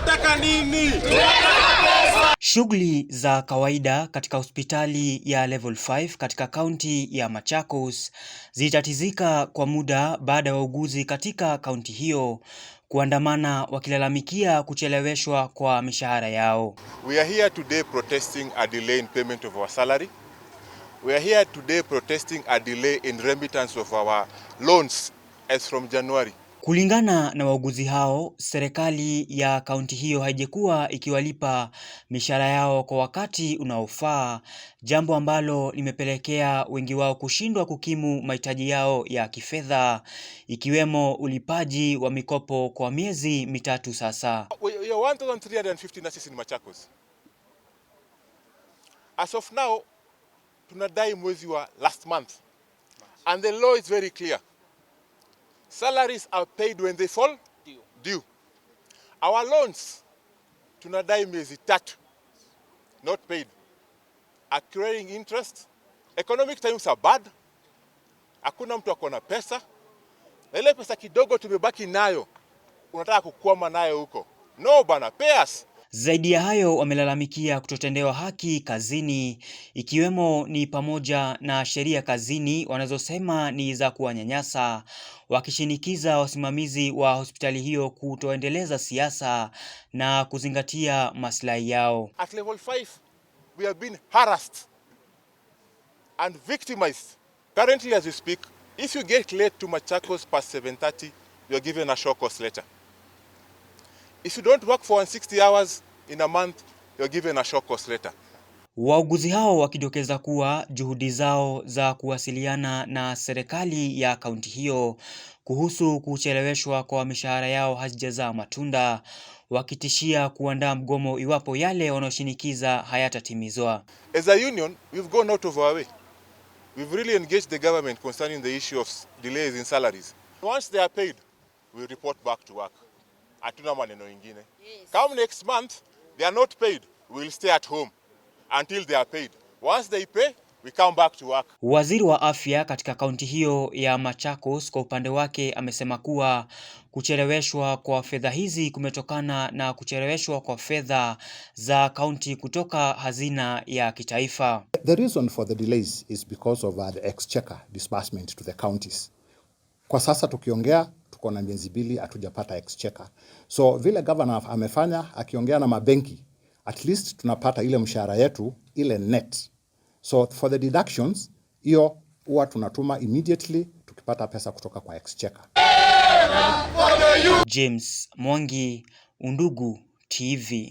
Tunataka nini? Shughuli za kawaida katika hospitali ya Level 5 katika kaunti ya Machakos zitatizika kwa muda baada ya wauguzi katika kaunti hiyo kuandamana wakilalamikia kucheleweshwa kwa mishahara yao. We are here today protesting a delay in payment of our salary. We are here today protesting a delay in remittance of our loans as from January. Kulingana na wauguzi hao, serikali ya kaunti hiyo haijakuwa ikiwalipa mishahara yao kwa wakati unaofaa, jambo ambalo limepelekea wengi wao kushindwa kukimu mahitaji yao ya kifedha, ikiwemo ulipaji wa mikopo kwa miezi mitatu sasa. As of now tunadai mwezi wa last month and the law is very clear Salaries are paid when they fall due. Due. Our loans tunadai miezi tatu not paid, accruing interest. Economic times are bad, hakuna mtu akona pesa, na ile pesa kidogo tumebaki nayo unataka kukwama nayo huko. No bana, pay us. Zaidi ya hayo, wamelalamikia kutotendewa haki kazini, ikiwemo ni pamoja na sheria kazini wanazosema ni za kuwanyanyasa, wakishinikiza wasimamizi wa hospitali hiyo kutoendeleza siasa na kuzingatia maslahi yao. At level 5, we have been harassed and victimized. Currently as we speak, if you get late to Machakos past 7:30, you are given a show course letter. If you don't work for 60 hours in a month, you're given a short course letter. Wauguzi hao wakidokeza kuwa juhudi zao za kuwasiliana na serikali ya kaunti hiyo kuhusu kucheleweshwa kwa mishahara yao hazijazaa matunda, wakitishia kuandaa mgomo iwapo yale wanaoshinikiza hayatatimizwa. As a union, we've gone out of our way. We've really engaged the government concerning the issue of delays in salaries. Once they are paid, we report back to work hatuna maneno ingine. Come next month they are not paid, we will stay at home until they are paid. Once they pay we come back to work. Waziri wa afya katika kaunti hiyo ya Machakos kwa upande wake amesema kuwa kucheleweshwa kwa fedha hizi kumetokana na kucheleweshwa kwa fedha za kaunti kutoka hazina ya kitaifa. The reason for the delays is because of the exchequer disbursement to the counties. Kwa sasa tukiongea tuko na miezi mbili hatujapata exchequer. So vile governor amefanya akiongea na mabenki, at least tunapata ile mshahara yetu ile net. So for the deductions hiyo huwa tunatuma immediately tukipata pesa kutoka kwa exchequer. James Mwangi, Undugu TV.